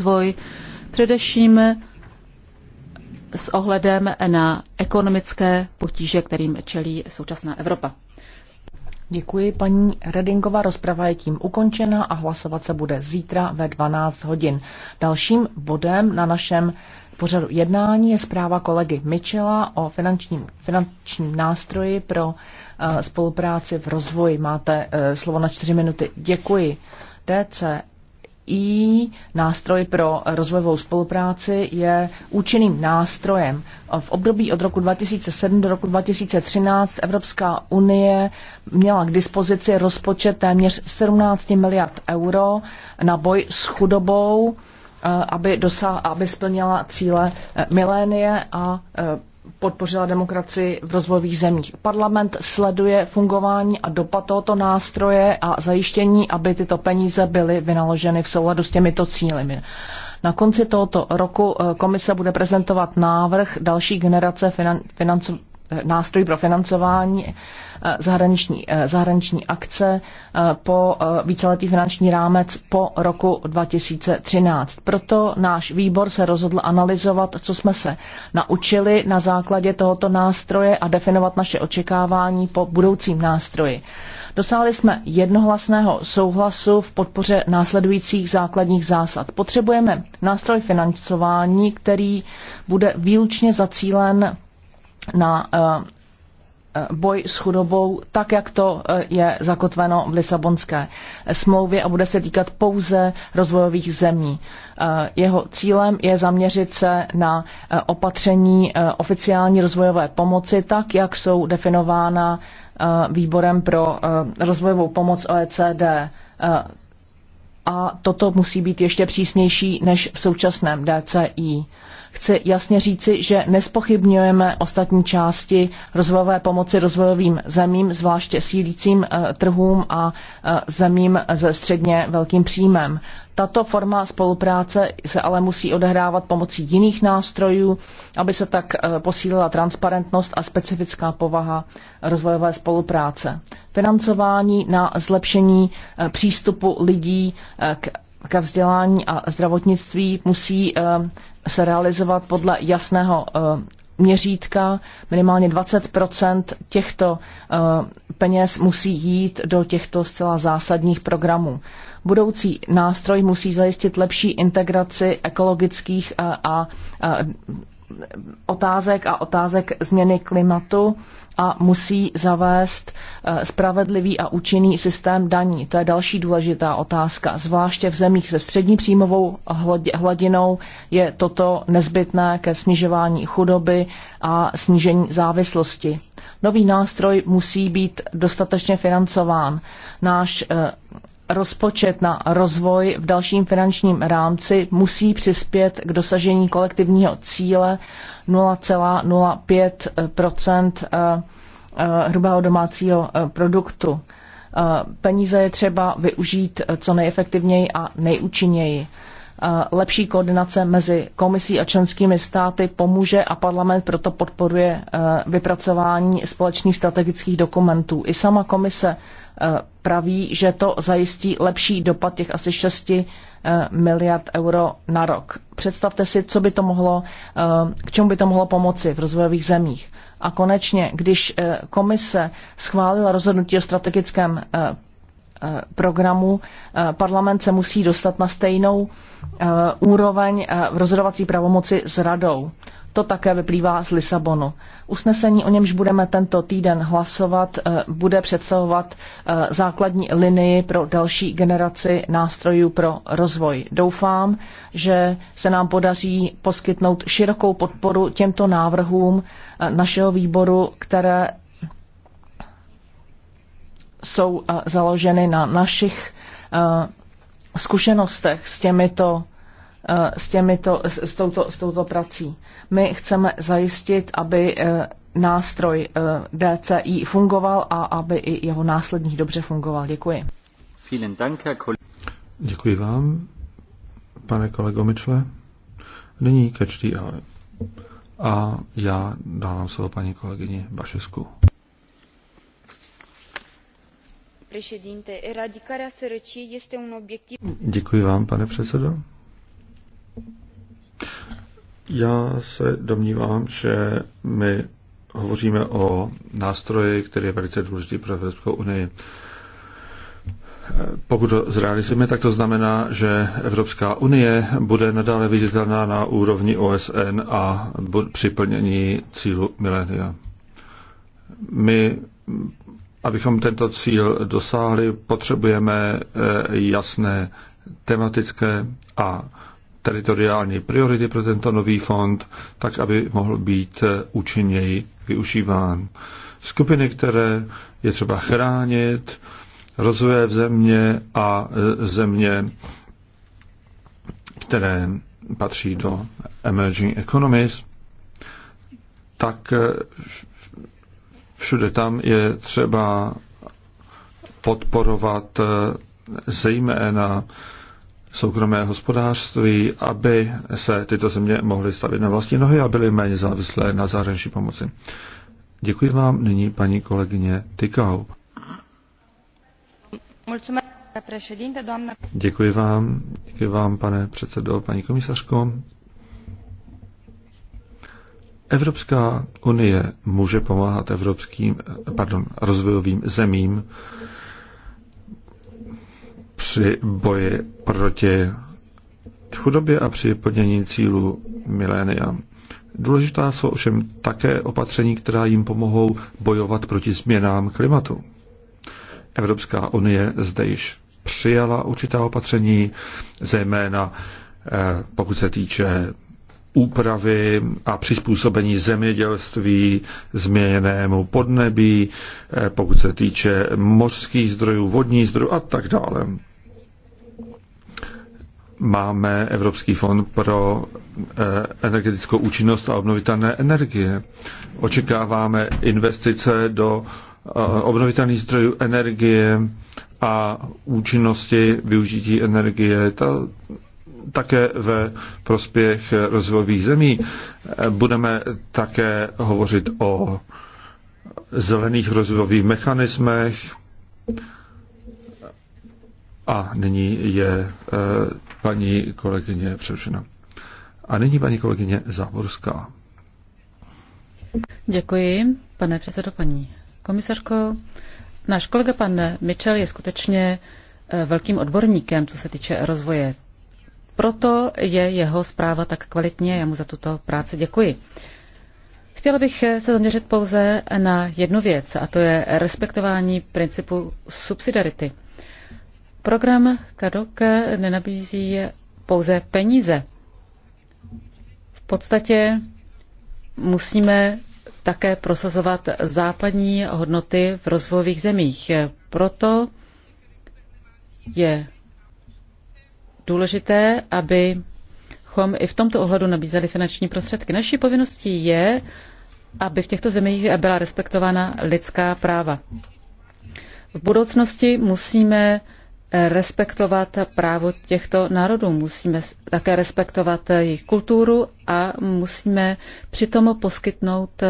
rozvoj, především s ohledem na ekonomické potíže, kterým čelí současná Evropa. Děkuji, paní Redingová. Rozprava je tím ukončena a hlasovat se bude zítra ve 12 hodin. Dalším bodem na našem pořadu jednání je zpráva kolegy Michela o finančním, finančním nástroji pro uh, spolupráci v rozvoji. Máte uh, slovo na čtyři minuty. Děkuji. DC i nástroj pro rozvojovou spolupráci je účinným nástrojem. V období od roku 2007 do roku 2013 Evropská unie měla k dispozici rozpočet téměř 17 miliard euro na boj s chudobou, eh, aby, dosa- aby splnila cíle eh, milénie a eh, podpořila demokracii v rozvojových zemích. Parlament sleduje fungování a dopad tohoto nástroje a zajištění, aby tyto peníze byly vynaloženy v souladu s těmito cíly. Na konci tohoto roku eh, komise bude prezentovat návrh další generace financ- nástroj pro financování eh, zahraniční, eh, zahraniční akce eh, po víceletý finanční rámec po roku 2013. Proto náš výbor se rozhodl analyzovat, co jsme se naučili na základě tohoto nástroje a definovat naše očekávání po budoucím nástroji. Dosáhli jsme jednohlasného souhlasu v podpoře následujících základních zásad. Potřebujeme nástroj financování, který bude výlučně zacílen na eh, eh, boj s chudobou, tak jak to eh, je zakotveno v Lisabonské smlouvě a bude se týkat pouze rozvojových zemí. Jeho cílem je zaměřit se na opatření oficiální rozvojové pomoci, tak jak jsou definována výborem pro rozvojovou pomoc OECD a toto musí být ještě přísnější než v současném DCI. Chci jasně říci, že nespochybňujeme ostatní části rozvojové pomoci rozvojovým zemím, zvláště sílícím eh, trhům a eh, zemím ze středně velkým příjmem. Tato forma spolupráce se ale musí odehrávat pomocí jiných nástrojů, aby se tak eh, posílila transparentnost a specifická povaha rozvojové spolupráce. Financování na zlepšení eh, přístupu lidí eh, k ke vzdělání a zdravotnictví musí se realizovat podle jasného měřítka. Minimálně 20 těchto peněz musí jít do těchto zcela zásadních programů. Budoucí nástroj musí zajistit lepší integraci ekologických eh, a, a, eh, a otázek a otázek změny klimatu a musí zavést eh, spravedlivý a účinný systém daní. To je další důležitá otázka. Zvláště v zemích se střední příjmovou hladinou je toto nezbytné ke snižování chudoby a snížení závislosti. Nový nástroj musí být dostatečně financován. Náš rozpočet na rozvoj v dalším finančním rámci musí přispět k dosažení kolektivního cíle 0,05 eh, eh, hrubého domácího eh, produktu. Peníze je třeba využít co nejefektivněji a nejúčinněji lepší koordinace mezi komisí a členskými státy pomůže a parlament proto podporuje e, vypracování společných strategických dokumentů. I sama komise e, praví, že to zajistí lepší dopad těch asi 6 e, miliard euro na rok. Představte si, co by to mohlo, k čemu by to mohlo pomoci v rozvojových zemích. A konečně, když komise schválila rozhodnutí o strategickém Eh, programu eh, parlament se musí dostat na stejnou eh, úroveň v rozhodovací pravomoci s radou. To také vyplývá z Lisabonu. Usnesení, o němž budeme tento týden hlasovat, bude představovat základní linii pro další generaci nástrojů pro rozvoj. Doufám, že se nám podaří poskytnout širokou podporu těmto návrhům našeho výboru, které jsou eh, založeny na našich eh, zkušenostech s těmito eh, s, těmito, s, touto, s touto prací. My chceme zajistit, aby nástroj DCI fungoval a aby i jeho následník dobře fungoval. Děkuji. Děkuji vám, pane kolego Mičle. Nyní kečtý ale. A já dávám slovo paní kolegyni Bašesku eradicarea sărăciei este un obiectiv... Děkuji vám, pane předsedo. Já se domnívám, že my hovoříme o nástroji, který je velice důležitý pro Evropskou unii. Pokud to zrealizujeme, tak to znamená, že Evropská unie bude nadále viditelná na úrovni OSN a při plnění cílu milénia. My Abychom tento cíl dosáhli, potřebujeme eh, jasné tematické a teritoriální priority pro tento nový fond, tak aby mohl být eh, účinněji využíván. Skupiny, které je třeba chránit, rozvoje v země a eh, země, které patří do emerging economies, tak Všude tam je třeba podporovat eh, zejména soukromé hospodářství, aby se tyto země mohly stavit na vlastní nohy a byly méně závislé na zahraniční pomoci. Děkuji vám nyní paní kolegyně Tykau. Děkuji vám, děkuji vám, pane předsedo, paní komisařko. Evropská unie může pomáhat evropským, pardon, rozvojovým zemím při boji proti chudobě a při plnění cílu milénia. Důležitá jsou ovšem také opatření, která jim pomohou bojovat proti změnám klimatu. Evropská unie zde již přijala určitá opatření, zejména eh, pokud se týče úpravy a přizpůsobení zemědělství změněnému podnebí, eh, pokud se týče mořských zdrojů, vodních zdrojů a tak dále. Máme Evropský fond pro eh, energetickou účinnost a obnovitelné energie. Očekáváme investice do eh, obnovitelných zdrojů energie a účinnosti využití energie. Ta také ve prospěch rozvojových zemí. Budeme také hovořit o zelených rozvojových mechanismech. A nyní je eh, paní kolegyně přerušena. A nyní paní kolegyně Záborská. Děkuji, pane předsedo, paní komisařko. Náš kolega pan Mitchell je skutečně eh, velkým odborníkem, co se týče rozvoje proto je jeho zpráva tak kvalitně, já mu za tuto práci děkuji. Chtěla bych se zaměřit pouze na jednu věc, a to je respektování principu subsidiarity. Program Kadok nenabízí pouze peníze. V podstatě musíme také prosazovat západní hodnoty v rozvojových zemích. Proto je důležité, abychom i v tomto ohledu nabízeli finanční prostředky. Naší povinností je, aby v těchto zemích byla respektována lidská práva. V budoucnosti musíme respektovat právo těchto národů, musíme také respektovat jejich kulturu a musíme přitom poskytnout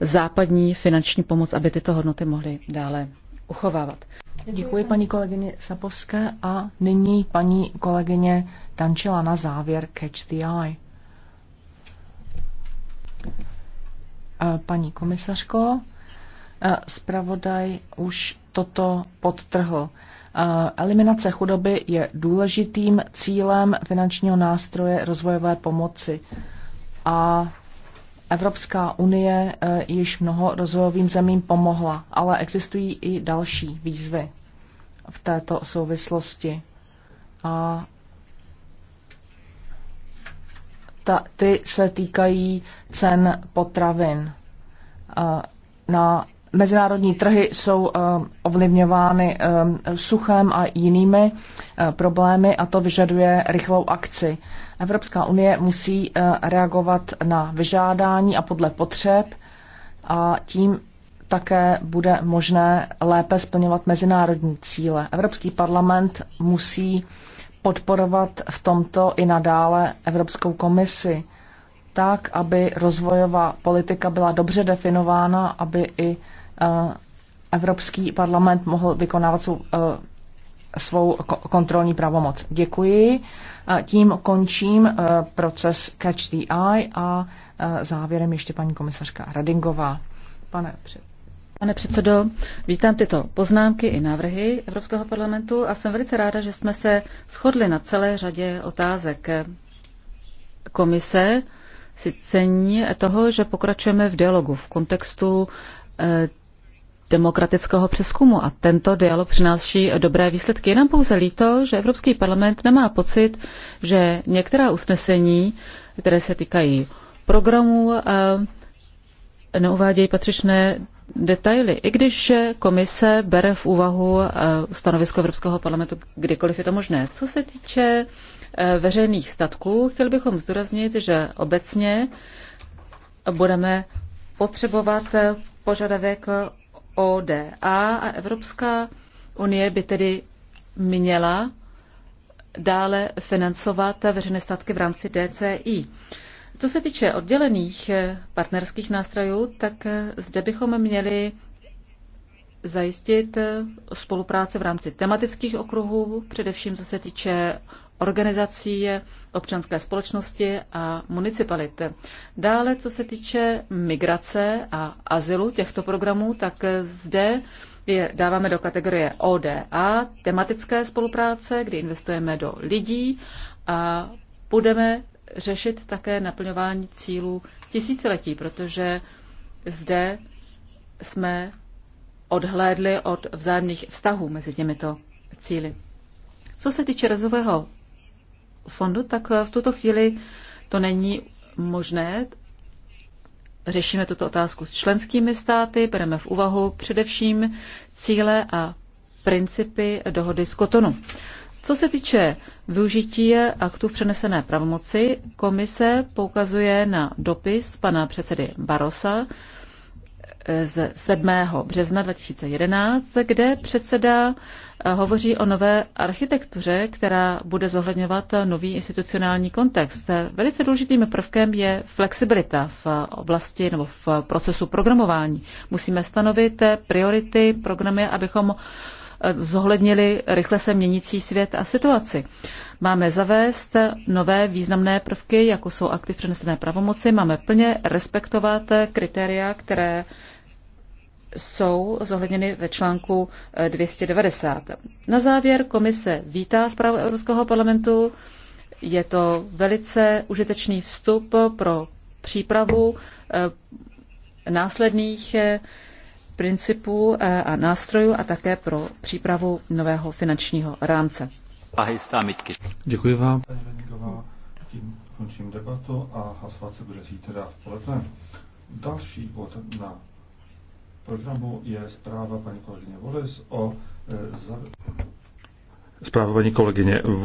západní finanční pomoc, aby tyto hodnoty mohly dále uchovávat. Děkuji paní kolegyně Sapovské a nyní paní kolegyně tančila na závěr Catch the Eye. Eh, paní komisařko, eh, zpravodaj už toto podtrhl. Eh, eliminace chudoby je důležitým cílem finančního nástroje rozvojové pomoci a Evropská unie eh, již mnoho rozvojovým zemím pomohla, ale existují i další výzvy v této souvislosti. A ta, ty se týkají cen potravin. Eh, na mezinárodní trhy jsou eh, ovlivňovány eh, suchem a jinými eh, problémy a to vyžaduje rychlou akci. Evropská unie musí reagovat na vyžádání a podle potřeb a tím také bude možné lépe splňovat mezinárodní cíle. Evropský parlament musí podporovat v tomto i nadále Evropskou komisi tak, aby rozvojová politika byla dobře definována, aby i Eh, Evropský parlament mohl vykonávat svou, eh, svou kontrolní pravomoc. Děkuji. Tím končím eh, proces Catch the Eye a závěrem ještě paní komisařka Radingová. Pane před. Pane předsedo, vítám tyto poznámky i návrhy Evropského parlamentu a jsem velice ráda, že jsme se shodli na celé řadě otázek. Komise si cení toho, že pokračujeme v dialogu v kontextu demokratického přeskumu a tento dialog přináší dobré výsledky. Je nám pouze líto, že Evropský parlament nemá pocit, že některá usnesení, které se týkají programů, eh, neuvádějí patřičné detaily. I když komise bere v úvahu eh, stanovisko Evropského parlamentu kdykoliv je to možné. Co se týče eh, veřejných statků, chtěl bychom zdůraznit, že obecně budeme potřebovat požadavek ODA a Evropská unie by tedy měla dále financovat veřejné statky v rámci DCI. Co se týče oddělených eh, partnerských nástrojů, tak eh, zde bychom měli zajistit eh, spolupráci v rámci tematických okruhů, především co se týče organizací občanské společnosti a municipalit. Dále, co se týče migrace a azylu těchto programů, tak zde je dáváme do kategorie ODA, tematické spolupráce, kdy investujeme do lidí a budeme řešit také naplňování cílů tisíciletí, protože zde jsme odhlédli od vzájemných vztahů mezi těmito cíly. Co se týče rozvojového fondu, tak eh, v tuto chvíli to není možné. Řešíme tuto otázku s členskými státy, bereme v úvahu především cíle a principy dohody z Kotonu. Co se týče využití aktu v přenesené pravomoci, komise poukazuje na dopis pana předsedy Barosa z 7. března 2011, kde předseda eh, hovoří o nové architektuře, která bude zohledňovat nový institucionální kontext. Velice důležitým prvkem je flexibilita v oblasti nebo v procesu programování. Musíme stanovit priority, programy, abychom eh, zohlednili rychle se měnící svět a situaci. Máme zavést nové významné prvky, jako jsou aktiv přenesené pravomoci, máme plně respektovat eh, kritéria, které jsou zohledněny ve článku 290. Eh, na závěr komise vítá zprávu Evropského parlamentu. Je to velice užitečný vstup pro přípravu eh, následných eh, principů a nástrojů a také pro přípravu nového finančního rámce. Děkuji vám, Tím končím debatu a hlasovat se bude zítra v poledne. Další bod na programu je zpráva paní kolegyně Voles o e, Zpráva paní kolegyně Voles.